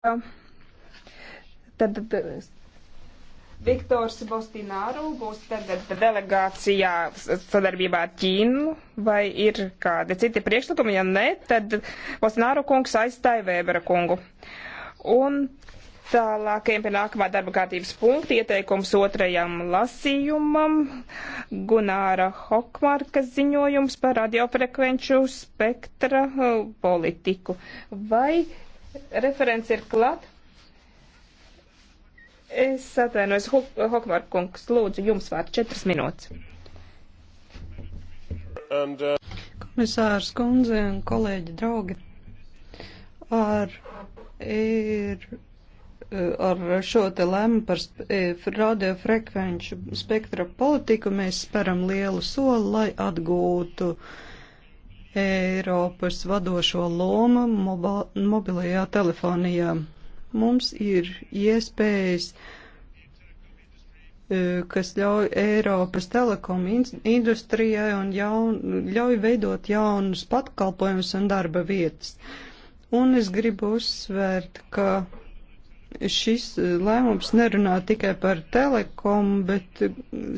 tad, tad Viktors Bostināru būs tagad delegācijā sadarbībā ar Ķīnu, vai ir kādi citi priekšlikumi, ja nē, tad Bostināru kungs aizstāja Vēbera kungu. Un tālākajiem pie nākamā darba kārtības punkta ieteikums otrajam lasījumam Gunāra Hokmarka ziņojums par radiofrekvenču spektra uh, politiku. Vai Referents ir klāt. Es atvainojos, Hokmārk kungs, lūdzu, jums vārds četras minūtes. And, uh... Komisārs kundze un kolēģi draugi, ar, ir, ar šo te lēmu par e, radiofrekvenču spektra politiku mēs speram lielu soli, lai atgūtu uh, Eiropas vadošo lomu mobilajā telefonijā. Mums ir iespējas, e, kas ļauj Eiropas telekom industrijai un jaun, ļauj veidot jaunus patkalpojumus un darba vietas. Un es gribu uzsvērt, ka šis e, lēmums nerunā tikai par telekomu, bet e,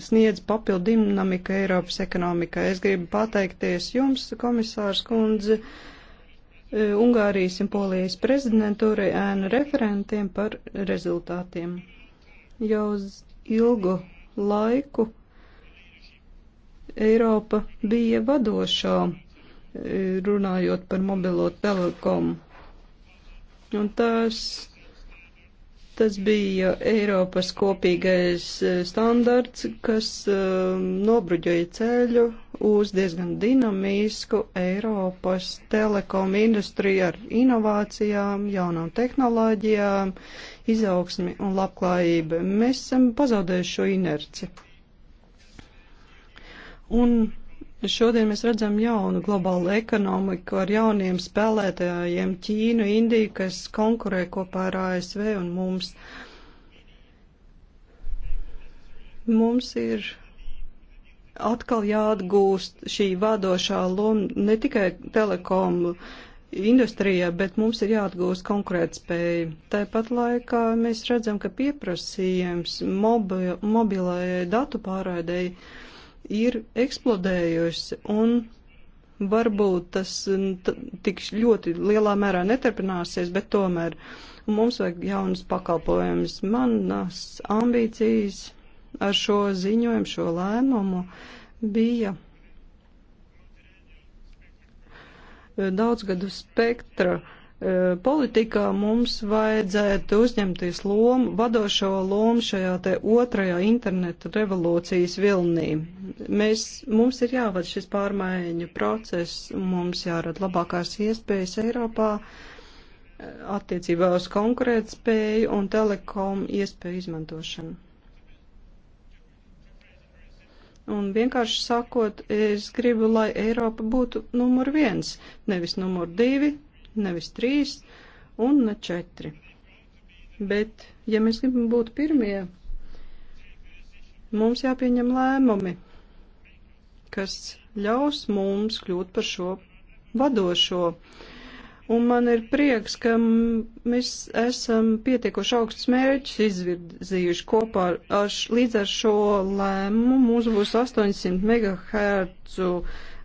sniedz papildu dinamiku Eiropas ekonomikai. Es gribu pateikties jums, komisārs kundze, e, Ungārijas un Polijas prezidentūrai ēnu referentiem par rezultātiem. Jau uz ilgu laiku Eiropa bija vadošā, runājot par mobilo telekomu. Un tas Tas bija Eiropas kopīgais e, standarts, kas e, nobruģoja ceļu uz diezgan dinamisku Eiropas telekomu industriju ar inovācijām, jaunām tehnoloģijām, izaugsmi un labklājību. Mēs esam pazaudējuši šo inerci. Un Šodien mēs redzam jaunu globālu ekonomiku ar jauniem spēlētājiem Ķīnu, Indiju, kas konkurē kopā ar ASV un mums. Mums ir atkal jāatgūst šī vadošā loma ne tikai telekomu industrijā, bet mums ir jāatgūst konkurētspēja. Tāpat laikā mēs redzam, ka pieprasījums mobi mobilajai datu pārādēji ir eksplodējusi un varbūt tas tik ļoti lielā mērā neturpināsies, bet tomēr mums vajag jaunas pakalpojumus. Manas ambīcijas ar šo ziņojumu, šo lēmumu bija daudzgadu spektra uh, E, politikā mums vajadzētu uzņemties lomu, vadošo lomu šajā te otrajā interneta revolūcijas vilnī. Mēs, mums ir jāvada šis pārmaiņu process, mums jārada labākās iespējas Eiropā e, attiecībā uz konkurētspēju un telekom iespēju izmantošanu. Un vienkārši sakot, es gribu, lai Eiropa būtu numur viens, nevis numur divi, nevis trīs un ne četri. Bet, ja mēs gribam būt pirmie, mums jāpieņem lēmumi, kas ļaus mums kļūt par šo vadošo. Un man ir prieks, ka mēs esam pietiekoši augstus mērķus izvirzījuši kopā ar, ar, līdz ar šo lēmumu. Mums būs 800 MHz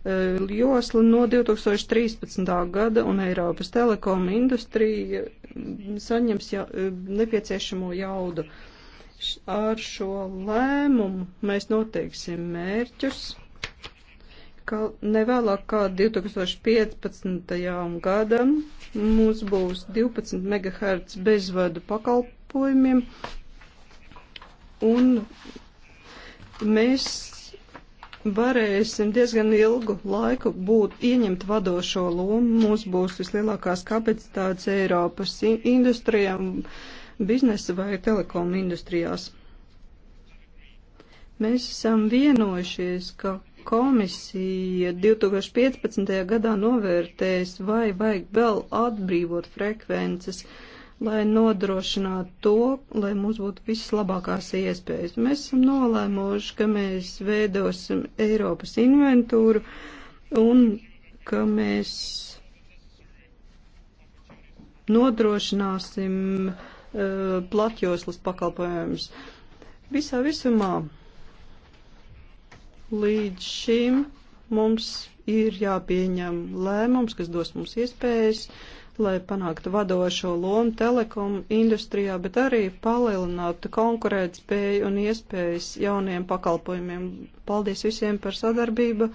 Eh, josla no 2013. gada un Eiropas telekom industrija mm, saņems ja, eh, nepieciešamo jaudu. Ar šo lēmumu mēs noteiksim mērķus, ka nevēlāk kā 2015. gadam mums būs 12 MHz bezvadu pakalpojumiem un mēs varēsim diezgan ilgu laiku būt ieņemt vadošo lomu. Mums būs vislielākās kapacitātes Eiropas industrijām, biznesa vai telekom industrijās. Mēs esam vienojušies, ka komisija 2015. gadā novērtēs, vai vajag vēl atbrīvot frekvences. Uh, lai nodrošinātu to, lai mums būtu vislabākās iespējas. Mēs esam nolēmuši, ka mēs veidosim Eiropas inventūru un ka mēs nodrošināsim uh, platjoslas pakalpojumus. Visā visumā līdz šim mums ir jāpieņem lēmums, kas dos mums iespējas uh, lai panāktu vadošo lomu telekomu industrijā, bet arī palielinātu konkurētspēju un iespējas jauniem pakalpojumiem. Paldies visiem par sadarbību.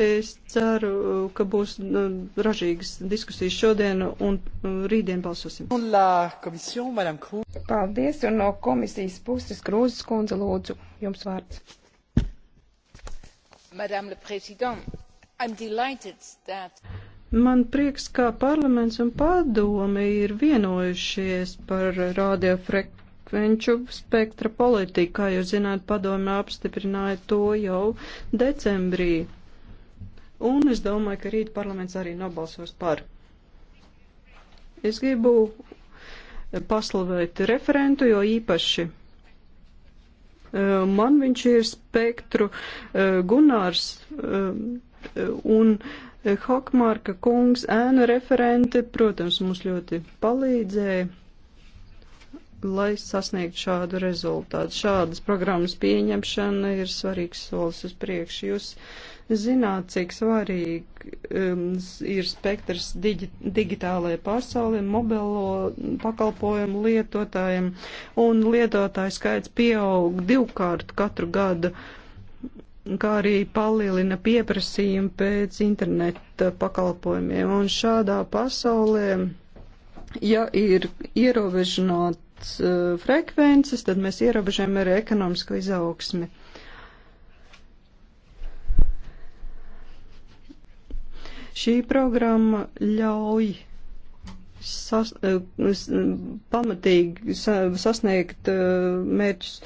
Es ceru, ka būs nu, ražīgas diskusijas šodien un nu, rītdien balsosim. Paldies, un no komisijas puses Krūzes kundze lūdzu, jums vārds. Madame le Président, I'm delighted that Man prieks, kā parlaments un padome ir vienojušies par radiofrekvenču spektra politiku. Kā jūs zināt, padome apstiprināja to jau decembrī. Un es domāju, ka rīt parlaments arī nobalsos par. Es gribu paslavēt referentu, jo īpaši e, man viņš ir spektru e, gunārs e, un Hokmārka kungs, ēnu referente, protams, mums ļoti palīdzēja, lai sasniegtu šādu rezultātu. Šādas programmas pieņemšana ir svarīgs solis uz priekšu. Jūs zināt, cik svarīgi um, ir spektrs digi digitālajai pasaulē, mobilo pakalpojumu lietotājiem, un lietotāju skaits pieaug divkārt katru gadu kā arī palielina pieprasījumu pēc interneta pakalpojumiem. Un šādā pasaulē, ja ir ierobežināts uh, frekvences, tad mēs ierobežojam arī ekonomisko izaugsmi. Šī programma ļauj sas, eh, eh, pamatīgi sasniegt eh, mērķus.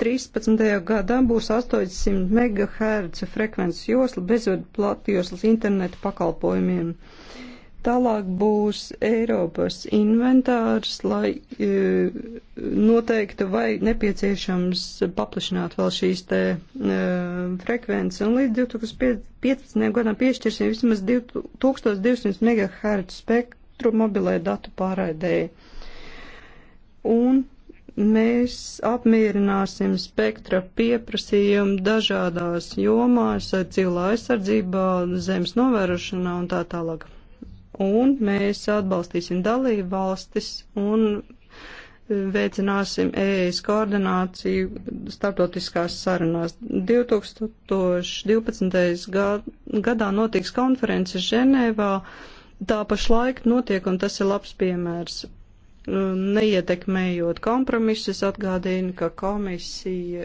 13. gadā būs 800 MHz frekvences josla bezvadu platjoslas interneta pakalpojumiem. Tālāk būs Eiropas inventārs, lai e, noteiktu, vai nepieciešams paplašināt vēl šīs te e, frekvences. Un līdz 2015. gadam piešķirsim vismaz 2200 MHz spektru elektromobilai datu pārraidēji. Un mēs apmierināsim spektra pieprasījumu dažādās jomās, cilvē aizsardzībā, zemes novērošanā un tā tālāk. Un mēs atbalstīsim dalību valstis un veicināsim ES koordināciju starptautiskās sarunās. 2012. gadā notiks konferences Ženēvā tā pašlaik notiek, un tas ir labs piemērs. Neietekmējot kompromisus, atgādina, ka komisija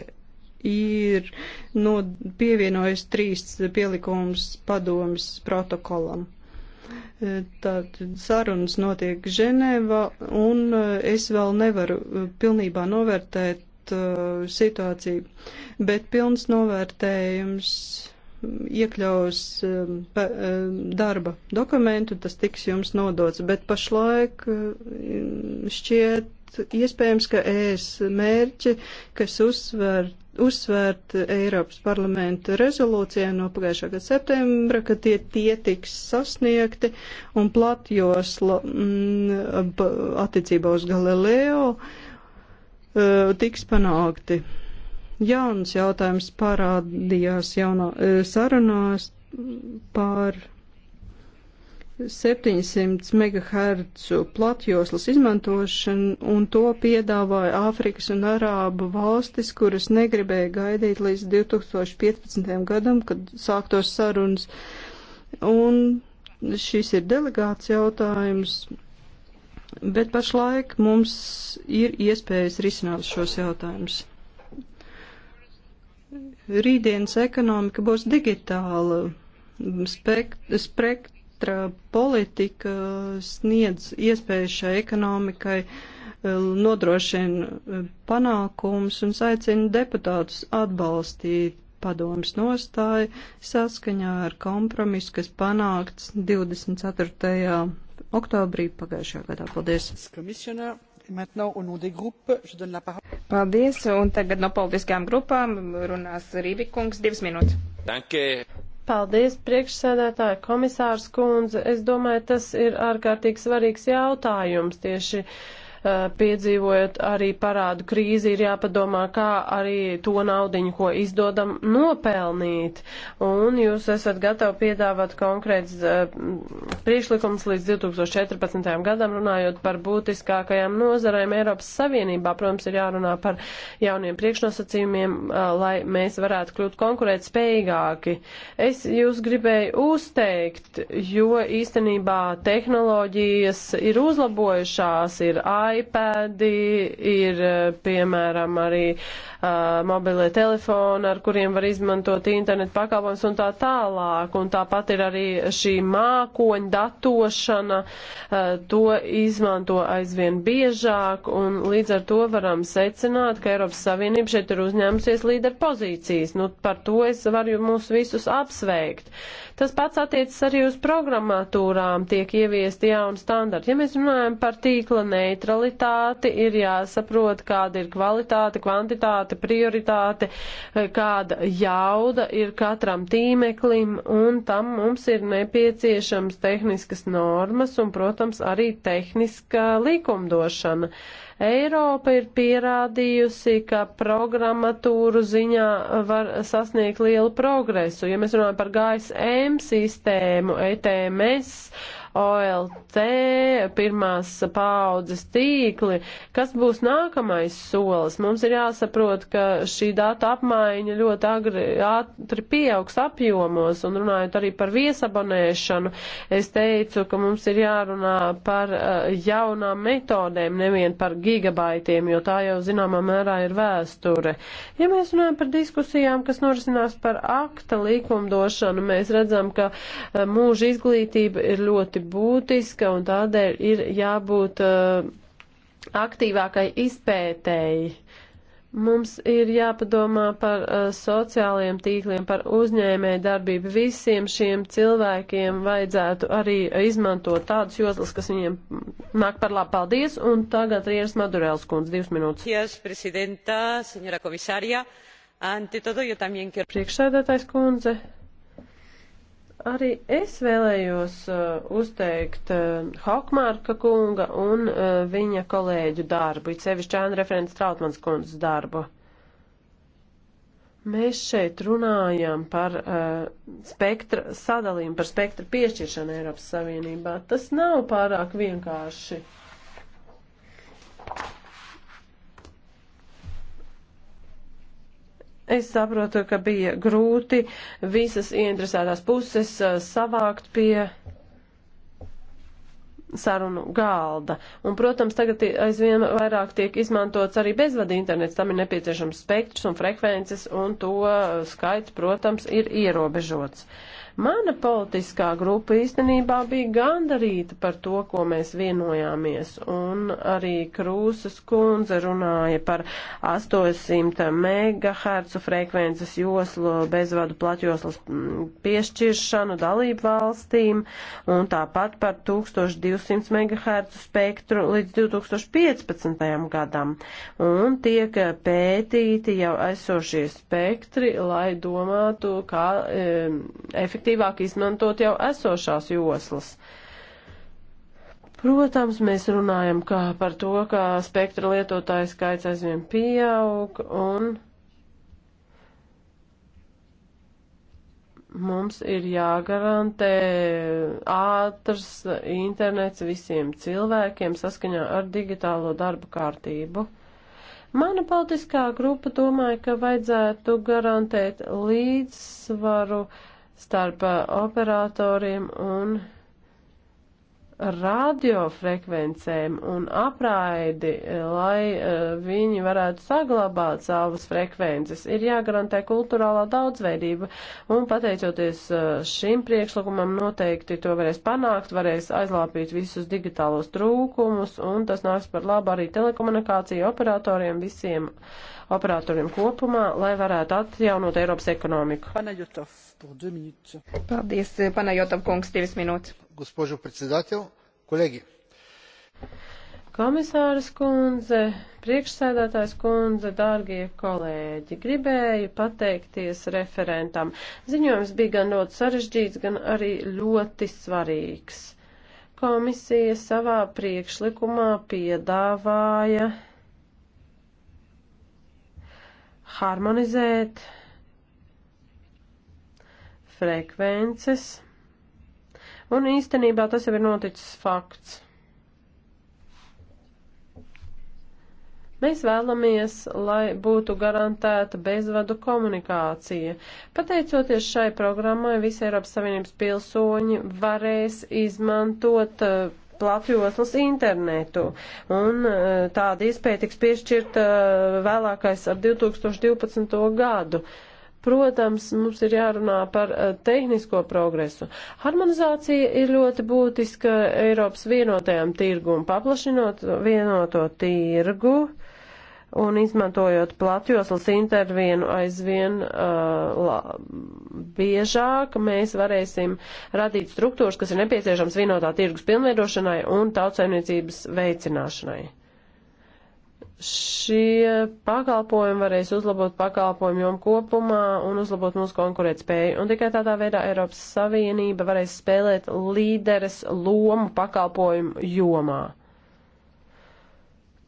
ir no, pievienojis trīs pielikums padomas protokolam. Tātad sarunas notiek Ženēva, un es vēl nevaru pilnībā novērtēt uh, situāciju, bet pilns novērtējums iekļaus um, um, darba dokumentu, tas tiks jums nodots, bet pašlaik um, šķiet iespējams, ka ES mērķi, kas uzsver, uzsvērt Eiropas parlamenta rezolūcijā no pagājušā gada septembra, ka tie, tie tiks sasniegti un platjos mm, attiecībā uz Galileo uh, tiks panākti. Jauns jautājums parādījās jauno, e, sarunās par 700 MHz platjoslas izmantošanu, un to piedāvāja Āfrikas un Arābu valstis, kuras negribēja gaidīt līdz 2015. gadam, kad sāktos sarunas. Un šis ir delegāts jautājums, bet pašlaik mums ir iespējas risināt šos jautājumus rītdienas ekonomika būs digitāla, spektra politika sniedz iespēju šai ekonomikai eh, nodrošina eh, panākums un saicina deputātus atbalstīt padomas nostāju saskaņā ar kompromisu, kas panākts 24. oktobrī pagājušajā gadā. Paldies! Paldies, un tagad no politiskajām grupām runās Rībikungs divas minūtes. Danke. Paldies, priekšsēdētāja komisārs kundze. Es domāju, tas ir ārkārtīgi svarīgs jautājums tieši. Uh, Eh, piedzīvojot arī parādu krīzi, ir jāpadomā, kā arī to naudiņu, ko izdodam, nopelnīt. Un jūs esat gatavi piedāvāt konkrēts eh, priekšlikums līdz 2014. gadam, runājot par būtiskākajām nozarēm Eiropas Savienībā. Protams, ir jārunā par jauniem priekšnosacījumiem, eh, lai mēs varētu kļūt konkurēt spējīgāki. Es jūs gribēju uzteikt, jo īstenībā tehnoloģijas ir uzlabojušās, ir AI iPadi, ir, eh, piemēram, arī uh, mobilie telefoni, ar kuriem var izmantot internetu pakalpojums un tā tālāk. Un tāpat ir arī šī mākoņa datošana, uh, to izmanto aizvien biežāk, un līdz ar to varam secināt, ka Eiropas Savienība šeit ir uzņēmusies līderu pozīcijas. Nu, par to es varu mūs visus apsveikt. Tas pats attiecas arī uz programmatūrām, tiek ieviesti jauni standarti. Ja mēs runājam par tīkla neutralitāti, ir jāsaprot, kāda ir kvalitāte, kvantitāte, prioritāte, kāda jauda ir katram tīmeklim, un tam mums ir nepieciešams tehniskas normas un, protams, arī tehniska likumdošana. Uh, Eiropa ir pierādījusi, ka programmatūru ziņā var sasniegt lielu progresu. Ja mēs runājam par GSM sistēmu, ETMS, OLT, pirmās paaudzes tīkli. Kas būs nākamais solis? Mums ir jāsaprot, ka šī data apmaiņa ļoti agri, ātri pieaugs apjomos, un runājot arī par viesabonēšanu, es teicu, ka mums ir jārunā par uh, jaunām metodēm, nevien par gigabaitiem, jo tā jau zināmā mērā ir vēsture. Ja mēs runājam par diskusijām, kas norisinās par akta likumdošanu, mēs redzam, ka uh, mūža izglītība ir ļoti ļoti būtiska un tādēļ ir jābūt uh, aktīvākai izpētēji. Mums ir jāpadomā par uh, sociālajiem tīkliem, par uzņēmēju darbību. Visiem šiem cilvēkiem vajadzētu arī izmantot tādas joslas, kas viņiem nāk par labu. Paldies! Un tagad Rienas Madurēls kundze, divas minūtes. Yes, presidenta, senora komisārija, ante todo, jo tamien quiero. Priekšsēdētājs kundze, Arī es vēlējos uh, uzteikt uh, Haukmārka kunga un uh, viņa kolēģu darbu, it sevišķi Āna referents Trautmans kundzes darbu. Mēs šeit runājam par uh, spektra sadalījumu, par spektra piešķiršanu Eiropas Savienībā. Tas nav pārāk vienkārši. Es saprotu, ka bija grūti visas ieinteresētās puses uh, savākt pie sarunu galda. Un, protams, tagad aizvien vairāk tiek izmantots arī bezvadu internets, tam ir nepieciešams spektrs un frekvences, un to uh, skaits, protams, ir ierobežots. Uh, Mana politiskā grupa īstenībā bija gandarīta par to, ko mēs vienojāmies, un arī Krūsas kundze runāja par 800 MHz frekvences joslu bezvadu platjoslas mm, piešķiršanu dalību valstīm, un tāpat par 1200 MHz spektru līdz 2015. gadam. Un tiek pētīti jau esošie spektri, lai domātu, kā e, efektīvi efektīvāk izmantot jau esošās joslas. Protams, mēs runājam kā par to, ka spektra lietotāju skaits aizvien pieaug un. mums ir jāgarantē ātrs internets visiem cilvēkiem saskaņā ar digitālo darbu kārtību. Mana politiskā grupa domāja, ka vajadzētu garantēt līdzsvaru uh, starp uh, operatoriem un radiofrekvencēm un apraidi, lai uh, viņi varētu saglabāt savas frekvences. Ir jāgarantē kulturālā daudzveidība, un pateicoties uh, šim priekšlikumam noteikti to varēs panākt, varēs aizlāpīt visus digitālos trūkumus, un tas nāks par labu arī telekomunikāciju operatoriem visiem operatoriem kopumā, lai varētu atjaunot Eiropas ekonomiku. Panajotov, Paldies, Panajotov kungs, divas minūtes. Gospožu predsedātel, kolēģi. Komisāras kundze, priekšsēdētājs kundze, dārgie kolēģi, gribēju pateikties referentam. Ziņojums bija gan ļoti sarežģīts, gan arī ļoti svarīgs. Komisija savā priekšlikumā piedāvāja harmonizēt frekvences, un īstenībā tas jau ir noticis fakts. Mēs vēlamies, lai būtu garantēta bezvadu komunikācija. Pateicoties šai programmai, visi Eiropas Savienības pilsoņi varēs izmantot uh, platjoslas internetu. Un e, tāda iespēja tiks piešķirta e, vēlākais ar 2012. gadu. Protams, mums ir jārunā par e, tehnisko progresu. Harmonizācija ir ļoti būtiska Eiropas vienotajam tirgum, paplašinot vienoto tirgu. Uh, un izmantojot platjoslas intervienu aizvien uh, la, biežāk, mēs varēsim radīt struktūras, kas ir nepieciešams vienotā tirgus pilnveidošanai un tautsaimniecības veicināšanai. Šie pakalpojumi varēs uzlabot pakalpojumu jomu kopumā un uzlabot mūsu konkurētspēju. Un tikai tādā veidā Eiropas Savienība varēs spēlēt līderes lomu pakalpojumu jomā.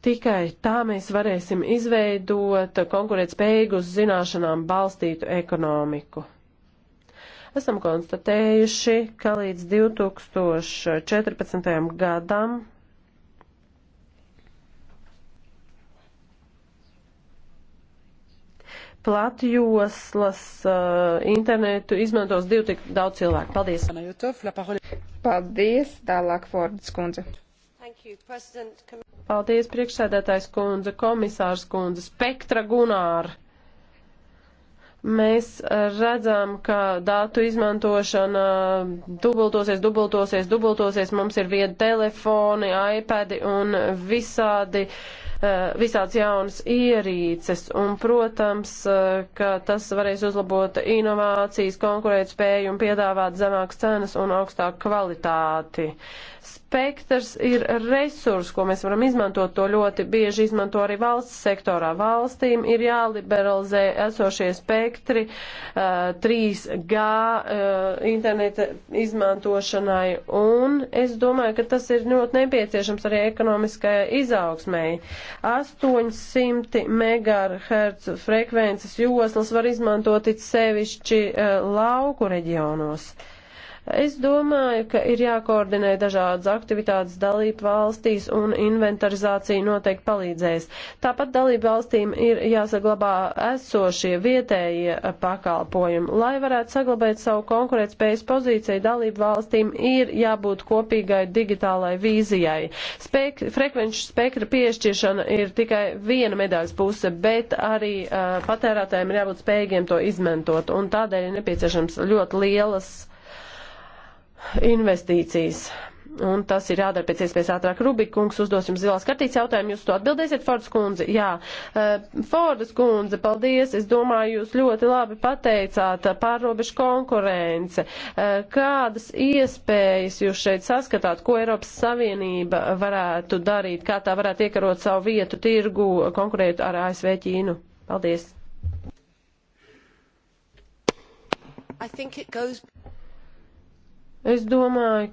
Tikai tā mēs varēsim izveidot konkurētspējīgu uz zināšanām balstītu ekonomiku. Esam konstatējuši, ka līdz 2014. gadam platjoslas uh, internetu izmantos divi tik daudz cilvēku. Paldies. Paldies, tālāk Fordas kundze. Thank you, President. Paldies, priekšsēdētājs kundze, komisārs kundze, spektra gunāra. Mēs eh, redzam, ka datu izmantošana dubultosies, dubultosies, dubultosies. Mums ir viedi telefoni, iPadi un visādi uh, Eh, visāds jaunas ierīces, un, protams, eh, ka tas varēs uzlabot inovācijas, konkurētspēju un piedāvāt zemākas cenas un augstāku kvalitāti. Spektrs ir resurs, ko mēs varam izmantot, to ļoti bieži izmanto arī valsts sektorā. Valstīm ir jāliberalizē esošie spektri uh, 3G uh, interneta izmantošanai, un es domāju, ka tas ir ļoti nepieciešams arī ekonomiskai izaugsmēji. 800 MHz frekvences joslas var izmantot it sevišķi eh, lauku reģionos. Es domāju, ka ir jākoordinē dažādas aktivitātes dalību valstīs un inventarizācija noteikti palīdzēs. Tāpat dalību valstīm ir jāsaglabā esošie vietējie pakalpojumi. Lai varētu saglabāt savu konkurētspējas pozīciju, dalību valstīm ir jābūt kopīgai digitālai vīzijai. Spek frekvenču spektra piešķiršana ir tikai viena medaļas puse, bet arī uh, patērētājiem ir jābūt spējīgiem to izmantot, un tādēļ ir nepieciešams ļoti lielas investīcijas. Un tas ir jādara pēc iespējas ātrāk. Rubikungs uzdos jums zilās kartītes jautājumu, jūs to atbildēsiet, Fordas kundze? Jā. Fordas kundze, paldies, es domāju, jūs ļoti labi pateicāt pārrobežu konkurence. Kādas iespējas jūs šeit saskatāt, ko Eiropas Savienība varētu darīt, kā tā varētu iekarot savu vietu tirgu, konkurēt ar ASV Ķīnu? Paldies. I think it goes Es domāju,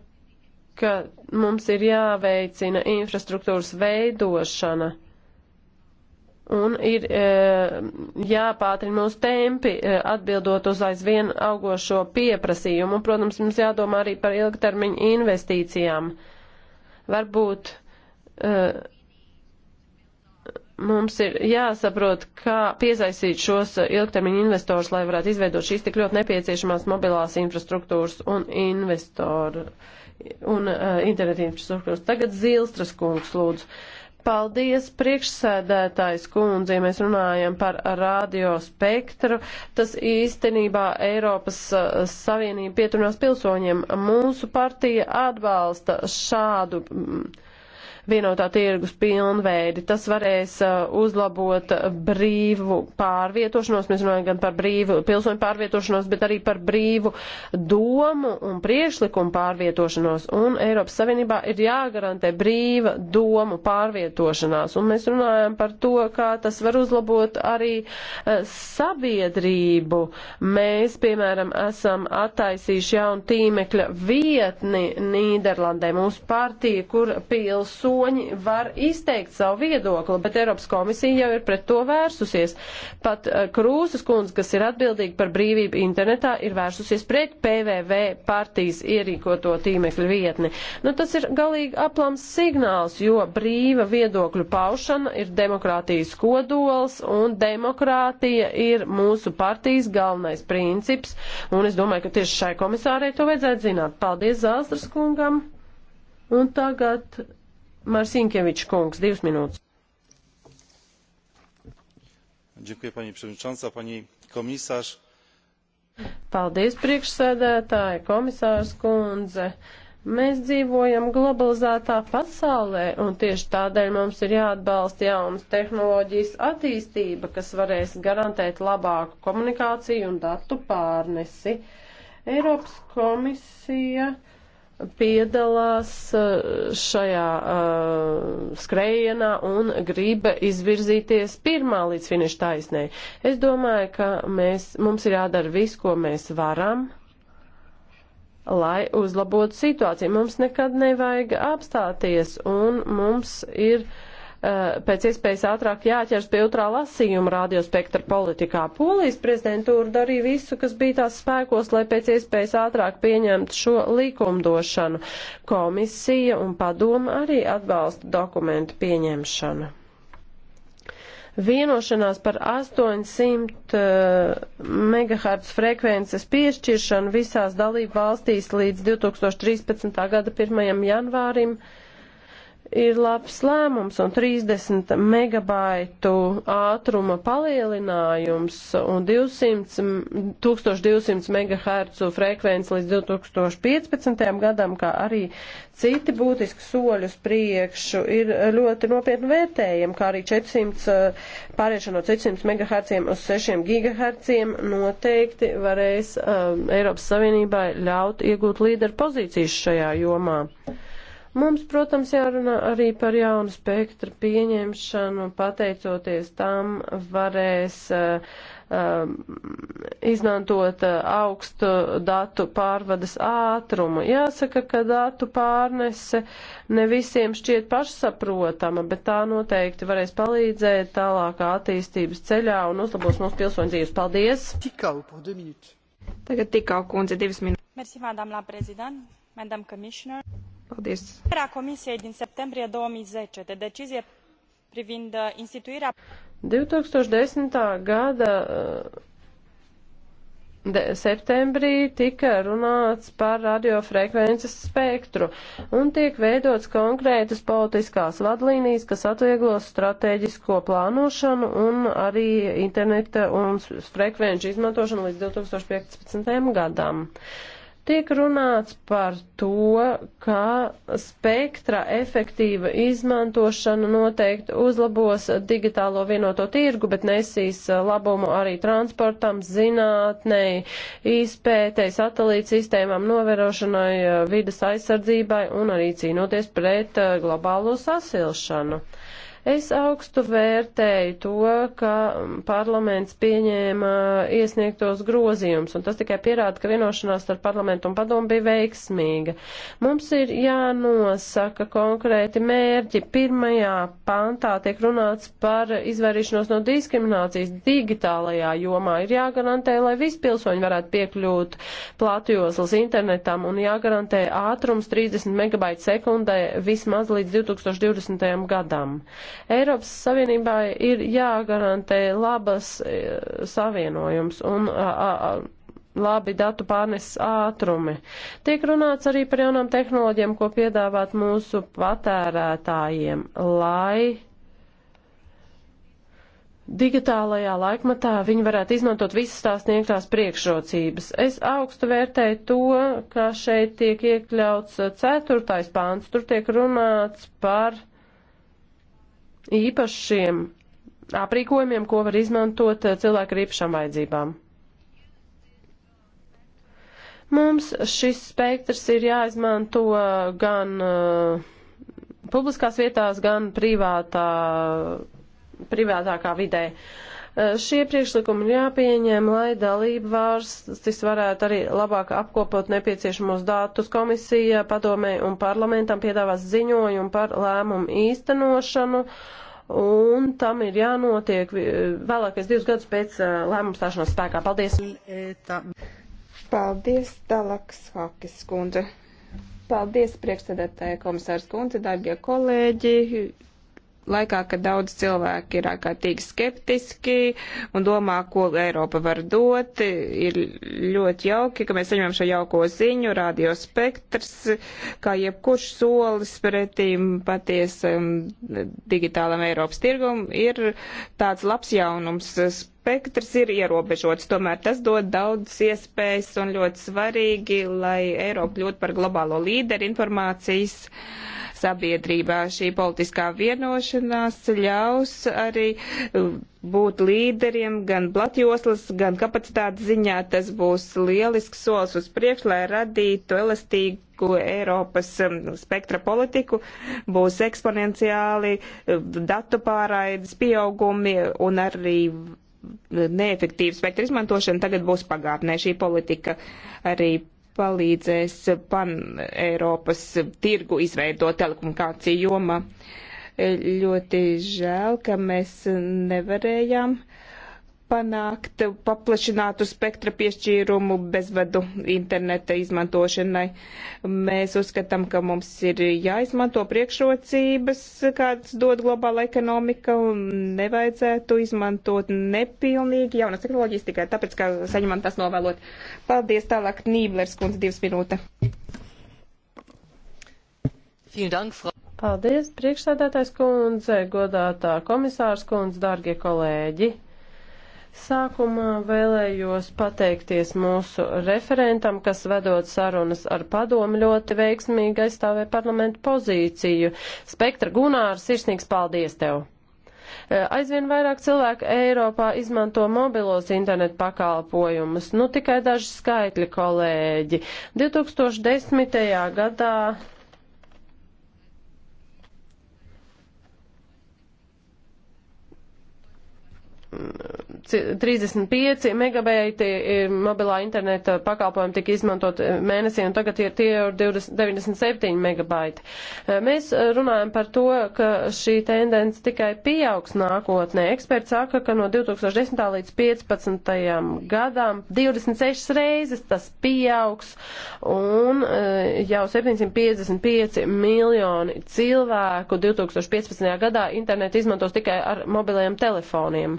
ka mums ir jāveicina infrastruktūras veidošana un ir e, jāpātrina mūsu tempi, e, atbildot uz aizvien augošo pieprasījumu. Un, protams, mums jādomā arī par ilgtermiņu investīcijām. Varbūt e, mums ir jāsaprot, kā piesaistīt šos ilgtermiņu investorus, lai varētu izveidot šīs tik ļoti nepieciešamās mobilās infrastruktūras un investoru un uh, internetu infrastruktūras. Tagad Zilstras kungs lūdzu. Paldies, priekšsēdētājs kundze, ja mēs runājam par radiospektru. Tas īstenībā Eiropas uh, Savienība pieturinās pilsoņiem. Mūsu partija atbalsta šādu. Mm, vienotā tirgus pilnveidi. Tas varēs uh, uzlabot brīvu pārvietošanos, mēs runājam gan par brīvu pilsoņu pārvietošanos, bet arī par brīvu domu un priešlikumu pārvietošanos. Un Eiropas Savienībā ir jāgarantē brīva domu pārvietošanās. Un mēs runājam par to, kā tas var uzlabot arī uh, sabiedrību. Mēs, piemēram, esam attaisījuši jaunu tīmekļa vietni Nīderlandē. Mūsu partija, kur pilsoņi pilsoņi var izteikt savu viedokli, bet Eiropas komisija jau ir pret to vērsusies. Pat eh, Krūzes kundze, kas ir atbildīga par brīvību internetā, ir vērsusies pret PVV partijas ierīkoto tīmekļu vietni. Nu, tas ir galīgi aplams signāls, jo brīva viedokļu paušana ir demokrātijas kodols un demokrātija ir mūsu partijas galvenais princips. Un es domāju, ka tieši šai komisārei to vajadzētu zināt. Paldies Zālstras kungam. Un tagad Marsinkevičs kungs, divas minūtes. Dziękuję, pani przewodnicząca, pani komisarz. Paldies, priekšsēdētāji, komisārs kundze. Mēs dzīvojam globalizētā pasaulē, un tieši tādēļ mums ir jāatbalsta jaunas tehnoloģijas attīstība, kas varēs garantēt labāku komunikāciju un datu pārnesi. Eiropas komisija uh, piedalās uh, šajā uh, skrējienā un grib izvirzīties pirmā līdz finiša taisnē. Es domāju, ka mēs, mums ir jādara viss, ko mēs varam, lai uzlabotu situāciju. Mums nekad nevajag apstāties un mums ir uh, Eh, pēc iespējas ātrāk jāķers pie otrā lasījuma radiospektra politikā. Polijas prezidentūra darīja visu, kas bija tās spēkos, lai pēc iespējas ātrāk pieņemtu šo likumdošanu. Komisija un padoma arī atbalsta dokumentu pieņemšanu. Vienošanās par 800 eh, MHz frekvences piešķiršanu visās dalību valstīs līdz 2013. gada 1. janvārim uh, ir labs lēmums un 30 megabaitu ātruma palielinājums un 200, 1200 MHz frekvences līdz 2015. gadam, kā arī citi būtiski soļi uz priekšu ir ļoti nopietni vērtējami, kā arī 400, pāriešana no 400 MHz uz 6 GHz noteikti varēs um, Eiropas Savienībai ļaut iegūt līderu pozīcijas šajā jomā. Thank you. Mums, protams, jārunā arī par jaunu spektra pieņemšanu, pateicoties tam varēs uh, uh, izmantot uh, augstu datu pārvades ātrumu. Jāsaka, ka datu pārnese ne visiem šķiet pašsaprotama, bet tā noteikti varēs palīdzēt tālākā attīstības ceļā un uzlabos mūsu pilsoņu dzīves. Paldies! Tikau, po divi minūtes. Tagad tikau, kundze, divas minūtes. Merci, madame la prezident, madame commissioner. Paldies! Komisijai din septembrie 2010 de decizie privind uh, instituirea 2010. gada uh, de, septembrī tika runāts par radiofrekvences spektru un tiek veidots konkrētas politiskās vadlīnijas, kas atvieglos strateģisko plānošanu un arī interneta un frekvenču izmantošanu līdz 2015. gadam. Tiek runāts par to, kā spektra efektīva izmantošana noteikti uzlabos digitālo vienoto tirgu, bet nesīs labumu arī transportam, zinātnei, izpētei, satelīt sistēmām, novērošanai, vidas aizsardzībai un arī cīnoties pret eh, globālo sasilšanu. Es augstu vērtēju to, ka parlaments pieņēma iesniegtos grozījumus, un tas tikai pierāda, ka vienošanās ar parlamentu un padomu bija veiksmīga. Mums ir jānosaka konkrēti mērķi. Pirmajā pantā tiek runāts par izvairīšanos no diskriminācijas digitālajā jomā. Ir jāgarantē, lai visi pilsoņi varētu piekļūt platjoslas internetam un jāgarantē ātrums 30 megabaita sekundē vismaz līdz 2020. gadam. Eiropas Savienībai ir jāgarantē labas e, savienojums un a, a, labi datu pārneses ātrumi. Tiek runāts arī par jaunām tehnoloģijām, ko piedāvāt mūsu patērētājiem, lai digitālajā laikmatā viņi varētu izmantot visas tās sniegtās priekšrocības. Es augstu vērtēju to, ka šeit tiek iekļauts ceturtais pāns, tur tiek runāts par īpašiem aprīkojumiem, ko var izmantot eh, cilvēku ar īpašām vajadzībām. Mums šis spektrs ir jāizmanto gan uh, publiskās vietās, gan privātā, privātākā vidē. Uh, Eh, šie priekšlikumi ir jāpieņem, lai dalība vārstis varētu arī labāk apkopot nepieciešamos datus. Komisija padomē un parlamentam piedāvās ziņojumu par lēmumu īstenošanu un tam ir jānotiek eh, vēlākais divus gadus pēc eh, lēmuma stāšanās spēkā. Paldies! Paldies, Dalaks Hakis kundze! Paldies, priekšsēdētāja komisārs kundze, darbie kolēģi! laikā, kad daudz cilvēki ir ārkārtīgi skeptiski un domā, ko Eiropa var dot, ir ļoti jauki, ka mēs saņemam šo jauko ziņu, radio spektrs, kā jebkurš solis pretīm patiesam digitālam Eiropas tirgum ir tāds labs jaunums spektrs ir ierobežots, tomēr tas dod daudz iespējas un ļoti svarīgi, lai Eiropa kļūtu par globālo līderi informācijas sabiedrībā. Šī politiskā vienošanās ļaus arī uh, būt līderiem gan platjoslas, gan kapacitātes ziņā. Tas būs lielisks solis uz priekšu, lai radītu elastīgu Eiropas um, spektra politiku. Būs eksponenciāli uh, datu pārraides pieaugumi un arī neefektīva spektra izmantošana tagad būs pagātnē. Šī politika arī palīdzēs pan-Eiropas tirgu izveidot telekomunikāciju jomā. Ļoti žēl, ka mēs nevarējām uh, panākt paplašinātu spektra piešķīrumu bezvadu interneta izmantošanai. Mēs uzskatām, ka mums ir jāizmanto priekšrocības, kādas dod globāla ekonomika, un nevajadzētu izmantot nepilnīgi jaunas tehnoloģijas tikai tāpēc, ka saņemam tas novēlot. Paldies tālāk, Nīblers kundze, divas minūte. Paldies, priekšsēdētājs kundze, godātā komisārs kundze, dārgie kolēģi. Sākumā vēlējos pateikties mūsu referentam, kas vedot sarunas ar padomu ļoti veiksmīgi aizstāvē parlamentu pozīciju. Spektra Gunārs, sirsnīgs paldies tev! E, aizvien vairāk cilvēku Eiropā izmanto mobilos internetu pakalpojumus. Nu, tikai daži skaitļi, kolēģi. 2010. gadā 35 megabaiti e, mobilā interneta pakalpojumi tika izmantot e, mēnesī, un tagad ir tie ir 20, 97 megabaiti. E, mēs runājam par to, ka šī tendence tikai pieaugs nākotnē. Eksperts saka, ka no 2010. līdz 2015. gadam 26 reizes tas pieaugs, un jau 755 miljoni cilvēku 2015. gadā internetu izmantos tikai ar mobiliem telefoniem.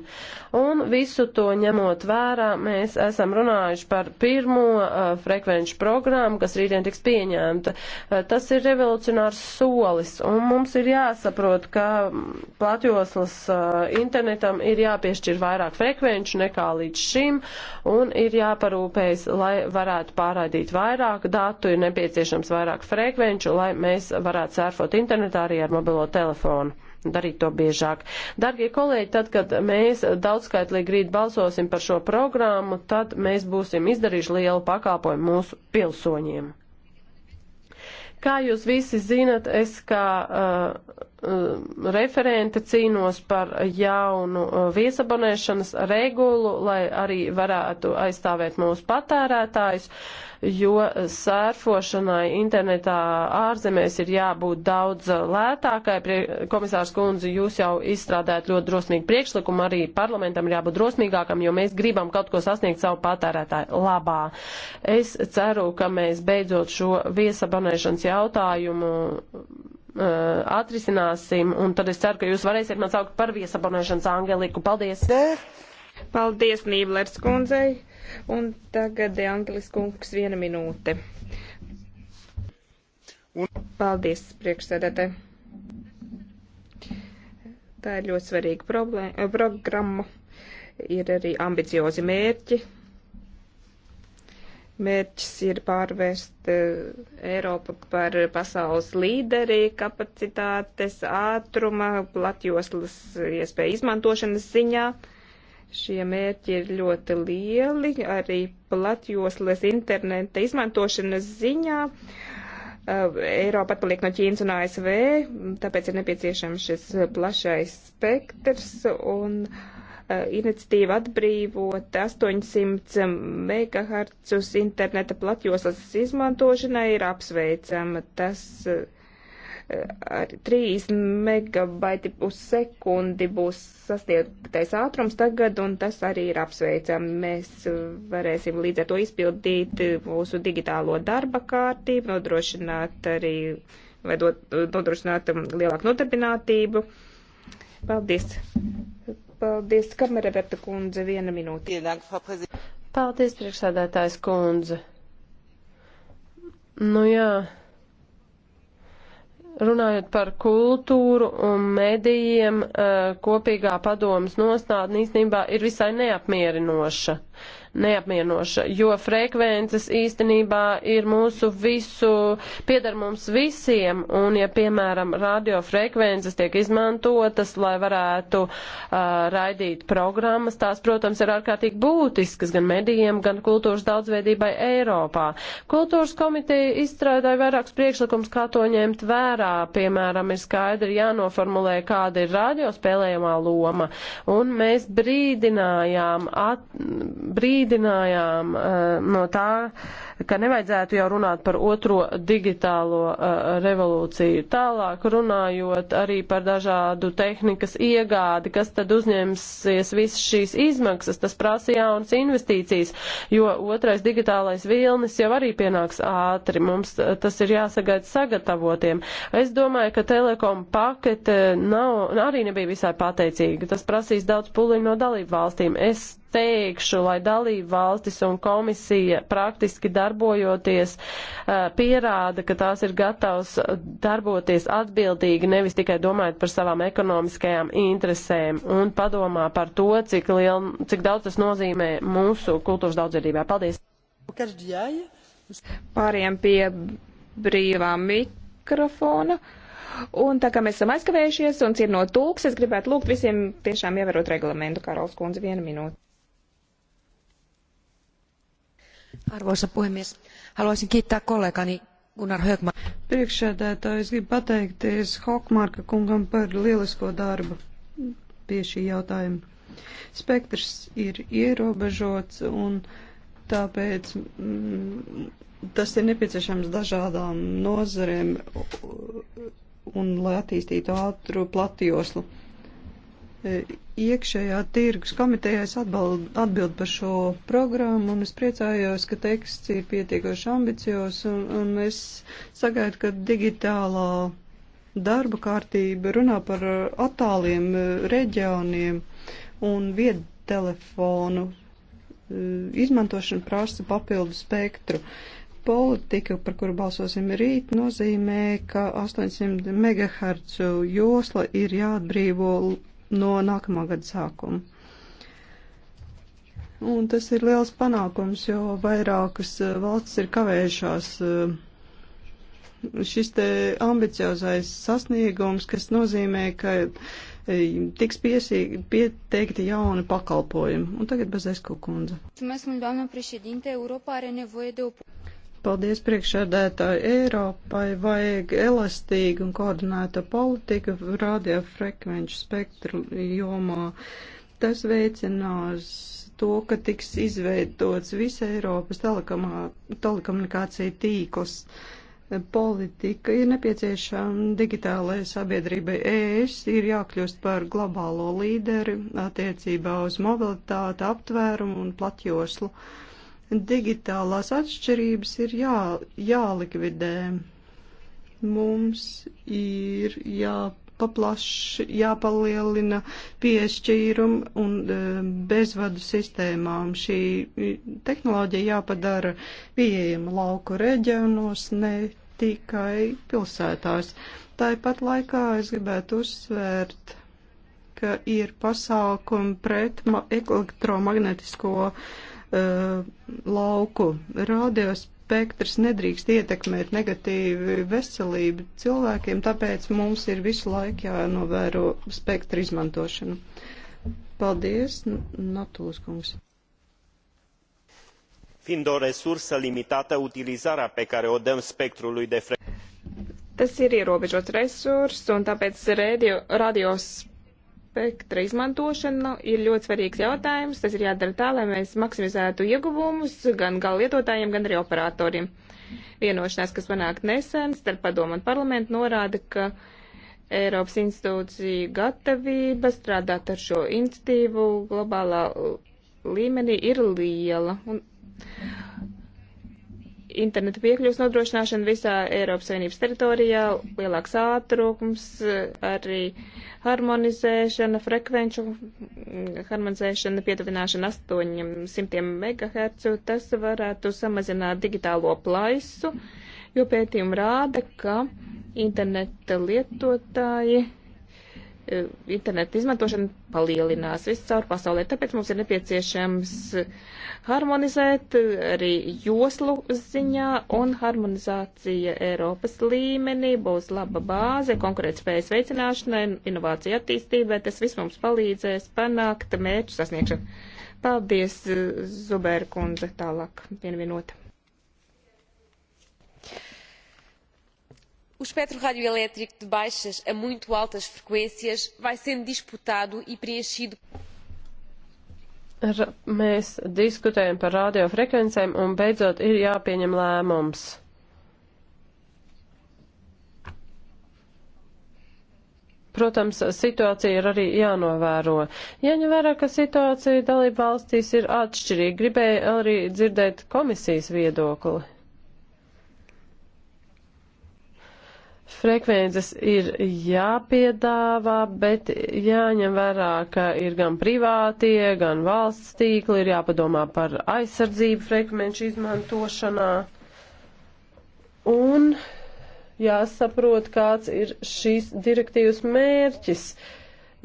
Un Visu to ņemot vērā, mēs esam runājuši par pirmo uh, frekvenču programmu, kas rītdien tiks pieņemta. Uh, tas ir revolucionārs solis, un mums ir jāsaprot, ka mm, platjoslas uh, internetam ir jāpiešķir vairāk frekvenču nekā līdz šim, un ir jāparūpējas, lai varētu pārādīt vairāk datu, ir nepieciešams vairāk frekvenču, lai mēs varētu sērfot internetā arī ar mobilo telefonu darīt to biežāk. Dargie kolēģi, tad, kad mēs daudzskaitlīgi rīt balsosim par šo programmu, tad mēs būsim izdarījuši lielu pakalpojumu mūsu pilsoņiem. Kā jūs visi zinat, es kā uh, uh, referente cīnos par jaunu uh, viesabonēšanas regulu, lai arī varētu aizstāvēt mūsu patērētājus. Uh, jo sērfošanai internetā ārzemēs ir jābūt daudz lētākai. Komisārs Kundze, jūs jau izstrādājat ļoti drosmīgu priekšlikumu, arī parlamentam ir jābūt drosmīgākam, jo mēs gribam kaut ko sasniegt savu patērētāju labā. Es ceru, ka mēs beidzot šo viesabonēšanas jautājumu uh, atrisināsim, un tad es ceru, ka jūs varēsiet man saukt par viesabonēšanas angeliku. Paldies! Paldies, Nīblers kundzei! Un tagad Angelis kungs viena minūte. Paldies, priekšsēdētāji. Tā ir ļoti svarīga problēma, programma. Ir arī ambiciozi mērķi. Mērķis ir pārvērst eh, Eiropu par pasaules līderi kapacitātes, ātruma, platjoslas iespēju izmantošanas ziņā. Uh, Šie mērķi ir ļoti lieli, arī platjoslas interneta izmantošanas ziņā. Uh, Eiropa atpaliek no Ķīnas un ASV, tāpēc ir nepieciešams šis plašais spektrs un uh, iniciatīva atbrīvot 800 MHz interneta platjoslas izmantošanai ir apsveicama. Tas uh, ar 3 megabaiti uz sekundi būs sasniegtais ātrums tagad, un tas arī ir apsveicami. Mēs varēsim līdz ar to izpildīt mūsu digitālo darba kārtību, nodrošināt arī, vai dot, nodrošināt lielāku nodarbinātību. Paldies! Paldies, kamerēverta kundze, viena minūte. Paldies, priekšsādātājs kundze. Nu jā. Runājot par kultūru un medijiem, eh, kopīgā padomas nostādnīsnībā ir visai neapmierinoša neapmienoša, jo frekvences īstenībā ir mūsu visu, piedar mums visiem, un ja, piemēram, radiofrekvences tiek izmantotas, lai varētu uh, raidīt programmas, tās, protams, ir ārkārtīgi būtiskas gan medijiem, gan kultūras daudzveidībai Eiropā. Kultūras komiteja izstrādāja vairākus priekšlikumus, kā to ņemt vērā, piemēram, ir skaidri jānoformulē, kāda ir radiospēlējumā loma, un mēs brīdinājām at, brīdinājām eh, no tā, ka nevajadzētu jau runāt par otro digitālo uh, revolūciju. Tālāk runājot arī par dažādu tehnikas iegādi, kas tad uzņemsies visas šīs izmaksas, tas prasa jaunas investīcijas, jo otrais digitālais vilnis jau arī pienāks ātri. Mums uh, tas ir jāsagaida sagatavotiem. Es domāju, ka telekom pakete nav, arī nebija visai pateicīga. Tas prasīs daudz puliņu no dalību valstīm. Es teikšu, lai dalību valstis un komisija praktiski darbojas darbojoties, pierāda, ka tās ir gatavs darboties atbildīgi, nevis tikai domājot par savām ekonomiskajām interesēm un padomā par to, cik, liel, cik daudz tas nozīmē mūsu kultūras daudzveidībā. Paldies! Pāriem pie brīvā mikrofona. Un tā kā mēs esam aizkavējušies un cienot tūks, es gribētu lūgt visiem tiešām ievērot reglamentu. Karols kundze, viena minūte arvoisa puhemies haluaisin kiittää kollegani Gunnar Högman. Priekšsēdētājs grib pateikties Hokmarka kungam par lielisko darbu pie šī jautājuma. Spektrs ir ierobežots un tāpēc mm, tas ir nepieciešams dažādām nozarēm un lai attīstītu ātru platjoslu. E, iekšējā tirgus komitejais atbald, atbild par šo programmu, un es priecājos, ka teksts ir pietiekoši ambicios, un, un es sagaidu, ka digitālā darba kārtība runā par attāliem e, reģioniem un viedtelefonu e, izmantošana prasa papildu spektru. Politika, par kuru balsosim rīt, nozīmē, ka 800 MHz josla ir jāatbrīvo no nākamā gada sākuma. Un tas ir liels panākums, jo vairākas eh, valstis ir kavējušās eh, šis te ambiciozais sasniegums, kas nozīmē, ka eh, tiks piesīgi, pieteikti jauni pakalpojumi. Un tagad bez esko kundze. Mulțumesc mult, doamnă președinte. Europa are nevoie de o... Paldies priekšēdētāji. Eiropai vajag elastīgu un koordinētu politiku radiofrekvenču spektru jomā. Tas veicinās to, ka tiks izveidots visa Eiropas telekomunikācija tīkls politika ir nepieciešama digitālajai sabiedrībai. ES ir jākļūst par globālo līderi attiecībā uz mobilitāti, aptvērumu un platjoslu. Uh, Digitālās atšķirības ir jā, jālikvidē. Mums ir jāpaplaš, jāpalielina piešķīrumu un e, bezvadu sistēmām. Šī tehnoloģija jāpadara pieejama lauku reģionos, ne tikai pilsētās. Tāpat laikā es gribētu uzsvērt, ka ir pasākumi pret elektromagnetisko uh, Uh, lauku. Radiospektrs nedrīkst ietekmēt negatīvi veselību cilvēkiem, tāpēc mums ir visu laiku jānovēro spektra izmantošanu. Paldies, Natūs kungs. Fiind o resursă limitată, utilizarea pe care o dăm spectrului de frecvență. Tas ir ierobežots resurs, un tāpēc radio, radio spektra izmantošana ir ļoti svarīgs jautājums. Tas ir jādara tā, lai mēs maksimizētu ieguvumus gan gala lietotājiem, gan arī operatoriem. Vienošanās, kas panāk nesen starp padomu un parlamentu, norāda, ka Eiropas institūcija gatavība strādāt ar šo institīvu globālā līmenī ir liela. Un interneta piekļuvas nodrošināšana visā Eiropas Savienības teritorijā, lielāks ātrums, arī harmonizēšana, frekvenču harmonizēšana, pietuvināšana 800 MHz, tas varētu samazināt digitālo plaisu, jo pētījumi rāda, ka interneta lietotāji E, interneta izmantošana palielinās viscaur pasaulē. Tāpēc mums ir nepieciešams harmonizēt arī joslu ziņā, un harmonizācija Eiropas līmenī būs laba bāze konkurētspējas veicināšanai, inovāciju attīstībai. Tas viss mums palīdzēs panākt mērķu sasniegšanu. Paldies, Zuberkundze, tālāk vienvienota. o espectro radioelétrico de baixas a muito altas frequências vai sendo disputado e preenchido. Ra mēs diskutējam par radiofrekvencēm un beidzot ir jāpieņem lēmums. Protams, situācija ir arī jānovēro. Jaņa vērā, ka situācija dalība valstīs ir atšķirīga, gribēju arī dzirdēt komisijas viedokli. frekvences ir jāpiedāvā, bet jāņem vērā, ka ir gan privātie, gan valsts tīkli, ir jāpadomā par aizsardzību frekvenču izmantošanā. Un jāsaprot, kāds ir šīs direktīvas mērķis. Uh,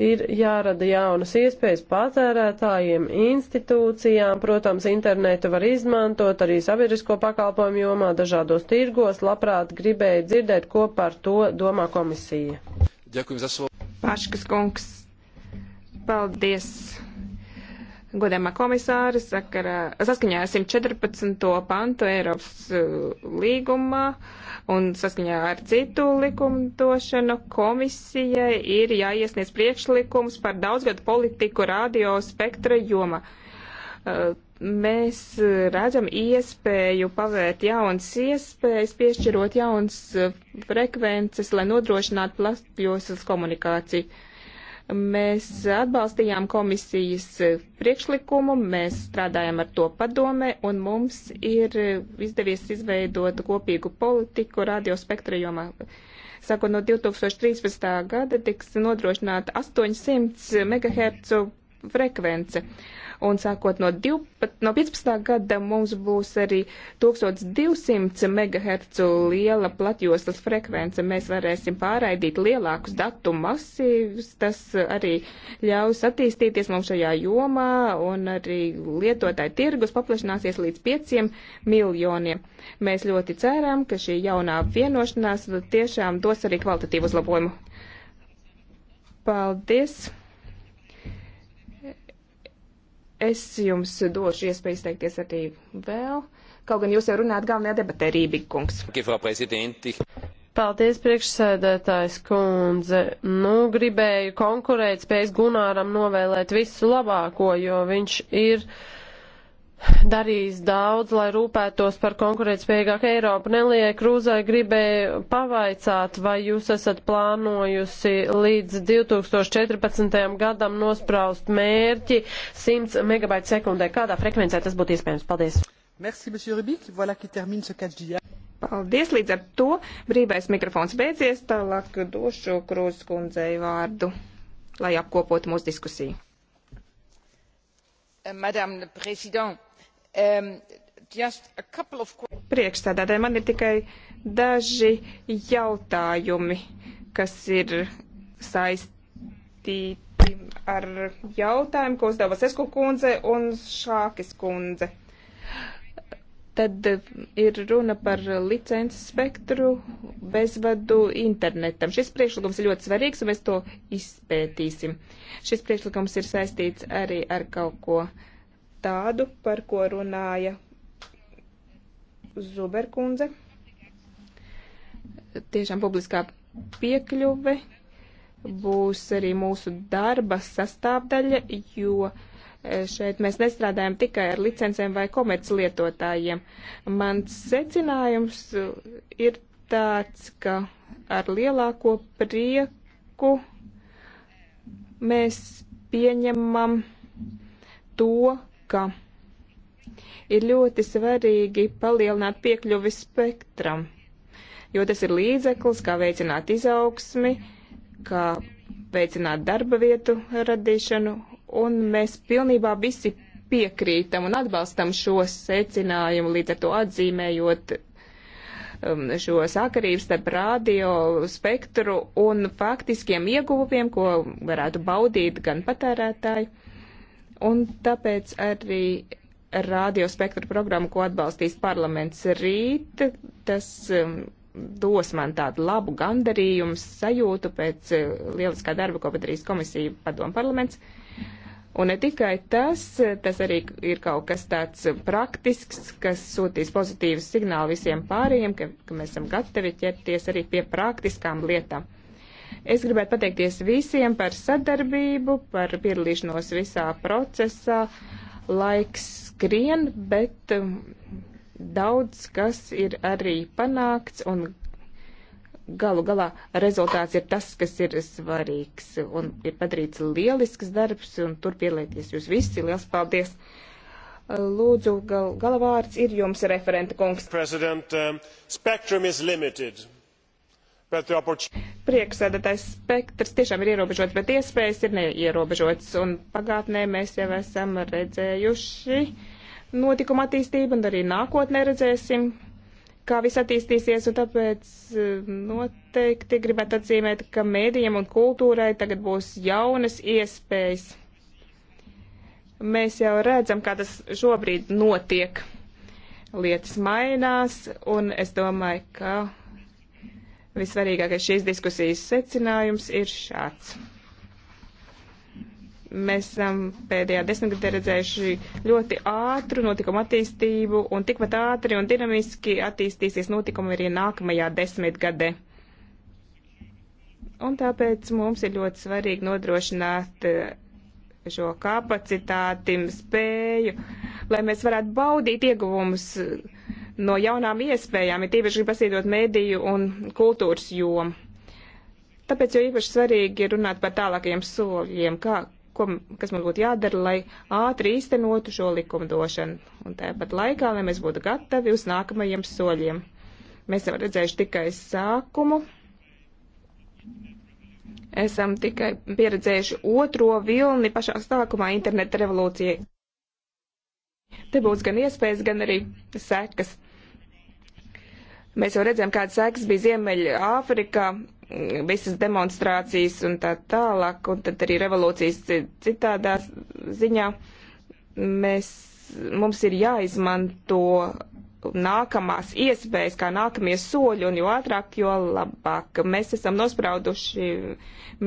ir jārada jaunas iespējas patērētājiem, institūcijām, protams, internetu var izmantot arī sabiedrisko pakalpojumu jomā dažādos tirgos. Labprāt gribēju dzirdēt, ko par to domā komisija. Ďakujem za slovo. Paškas kungs, paldies. Godamā komisāra sakarā, saskaņā ar 114. pantu Eiropas uh, līgumā un saskaņā ar citu likumdošanu komisijai ir jāiesniedz priekšlikums par daudzgadu politiku radio spektra joma. Uh, mēs uh, redzam iespēju pavērt jaunas iespējas, piešķirot jaunas uh, frekvences, lai nodrošinātu plastjosas komunikāciju Mēs atbalstījām komisijas priekšlikumu, mēs strādājam ar to padome, un mums ir izdevies izveidot kopīgu politiku radiospektra jomā. Sākot no 2013. gada tiks nodrošināta 800 MHz frekvence. Uh, un sākot no, 12, no 15. gada mums būs arī 1200 MHz liela platjoslas frekvence. Mēs varēsim pārraidīt lielākus datu masīvus, tas arī ļaus attīstīties mums šajā jomā un arī lietotāju tirgus paplašināsies līdz 5 miljoniem. Mēs ļoti ceram, ka šī jaunā vienošanās tiešām dos arī kvalitatīvu uzlabojumu. Paldies! Es jums došu iespēju izteikties arī vēl, kaut gan jūs jau runājat galvenajā debatē, Rībīkungs. Paldies, priekšsēdētājs kundze. Nu, gribēju konkurēt spējas Gunāram novēlēt visu labāko, jo viņš ir. Uh, darījis daudz, lai rūpētos par konkurētspējīgāku Eiropu. Nelija Krūzai gribēja pavaicāt, vai jūs esat plānojusi līdz 2014. gadam nospraust mērķi 100 megabaitu sekundē. Kādā frekvencē tas būtu iespējams? Paldies! Merci, monsieur Rubik. Voilà qui termine ce 4 Paldies, līdz ar to brīvais mikrofons beidzies, tālāk došu Krūzes kundzei vārdu, lai apkopotu mūsu diskusiju. Madame la Présidente, Um, of... Priekšstādātāji, man ir tikai daži jautājumi, kas ir saistīti ar jautājumu, ko uzdeva Sesku kundze un Šākis kundze. Tad ir runa par licences spektru bezvadu internetam. Šis priekšlikums ir ļoti svarīgs, un mēs to izpētīsim. Šis priekšlikums ir saistīts arī ar kaut ko uh, tādu, par ko runāja Zuberkundze. Tiešām publiskā piekļuve būs arī mūsu darba sastāvdaļa, jo e, šeit mēs nestrādājam tikai ar licencēm vai komerclietotājiem. Mans secinājums ir tāds, ka ar lielāko prieku mēs pieņemam to, ka ir ļoti svarīgi palielināt piekļuvi spektram, jo tas ir līdzeklis, kā veicināt izaugsmi, kā veicināt darba vietu radīšanu, un mēs pilnībā visi piekrītam un atbalstam šo secinājumu, līdz ar to atzīmējot um, šo sakarību starp radio spektru un faktiskiem ieguvumiem, ko varētu baudīt gan patērētāji Un tāpēc arī radiospektra programmu, ko atbalstīs parlaments rīt, tas um, dos man tādu labu gandarījumu sajūtu pēc uh, lieliskā darba, ko padarīs komisija padomu parlaments. Un ne tikai tas, tas arī ir kaut kas tāds praktisks, kas sūtīs pozitīvu signālu visiem pārējiem, ka, ka mēs esam gatavi ķerties arī pie praktiskām lietām. Es gribētu pateikties visiem par sadarbību, par piedalīšanos visā procesā. Laiks skrien, bet um, daudz kas ir arī panākts un galu galā rezultāts ir tas, kas ir svarīgs un ir padarīts lielisks darbs un tur pielieties jūs visi. Liels paldies! Lūdzu, gal, galavārds ir jums referenta kungs. President, um, spectrum is limited. Prieksēdētais spektrs tiešām ir ierobežots, bet iespējas ir neierobežotas. Un pagātnē mēs jau esam redzējuši notikuma attīstību un arī nākotnē redzēsim, kā viss attīstīsies. Un tāpēc e, noteikti gribētu atzīmēt, ka mēdījiem un kultūrai tagad būs jaunas iespējas. Mēs jau redzam, kā tas šobrīd notiek. Lietas mainās, un es domāju, ka Visvarīgākais šīs diskusijas secinājums ir šāds. Mēs esam pēdējā desmitgadē redzējuši ļoti ātru notikumu attīstību, un tikpat ātri un dinamiski attīstīsies notikumi arī nākamajā desmitgadē. Un tāpēc mums ir ļoti svarīgi nodrošināt eh, šo kapacitāti, spēju, lai mēs varētu baudīt ieguvumus no jaunām iespējām, ir tīpaši pasīdot mēdīju un kultūras jomu. Tāpēc jau īpaši svarīgi ir runāt par tālākajiem soļiem, kā, ko, kas mums būtu jādara, lai ātri īstenotu šo likumdošanu. Un tāpat laikā, lai mēs būtu gatavi uz nākamajiem soļiem. Mēs esam redzējuši tikai sākumu, esam tikai pieredzējuši otro vilni pašā sākumā interneta revolūcijai. Te būs gan iespējas, gan arī sekas. Mēs jau redzam, kāds seks bija Ziemeļa Āfrikā, visas demonstrācijas un tā tālāk, un tad arī revolūcijas citādā ziņā. Mēs, mums ir jāizmanto nākamās iespējas, kā nākamie soļi, un jo ātrāk, jo labāk. Mēs esam nosprauduši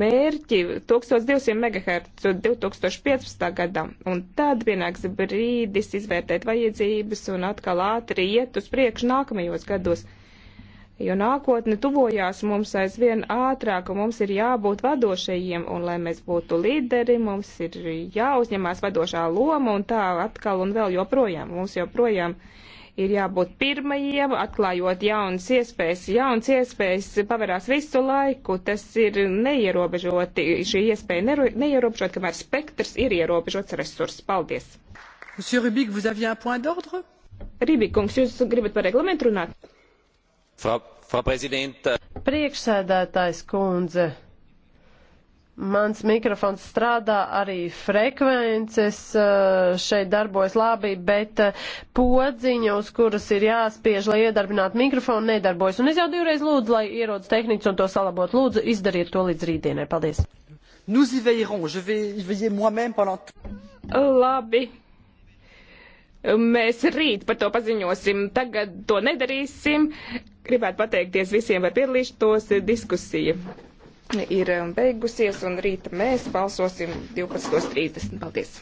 mērķi 1200 MHz 2015. gadam, un tad pienāks brīdis izvērtēt vajadzības un atkal ātri iet uz priekšu nākamajos gados. Jo nākotne tuvojās mums aizvien ātrāk, un mums ir jābūt vadošajiem, un lai mēs būtu līderi, mums ir jāuzņemās vadošā loma, un tā atkal un vēl joprojām. Mums joprojām uh, ir jābūt pirmajiem, atklājot jaunas iespējas. Jaunas iespējas pavarās visu laiku, tas ir neierobežoti, šī iespēja neierobežot, kamēr spektrs ir ierobežots resurss. Paldies! Monsieur Rubik, vous aviez un point d'ordre? Rubik, kungs, jūs gribat par reglamentu runāt? Frau, Frau Priekšsēdētājs kundze. Mans mikrofons strādā, arī frekvences eh, šeit darbojas labi, bet eh, podziņa, uz kuras ir jāspiež, lai iedarbinātu mikrofonu, nedarbojas. Un es jau divreiz lūdzu, lai ierodas tehnicis un to salabot. Lūdzu, izdariet to līdz rītdienai. Paldies! Nous y veillerons. Je vais y veiller moi-même pendant. Labi. Mēs rīt par to paziņosim. Tagad to nedarīsim. Gribētu pateikties visiem par piedalīšanos diskusiju ir um, beigusies, un rīta mēs balsosim 12.30. Paldies!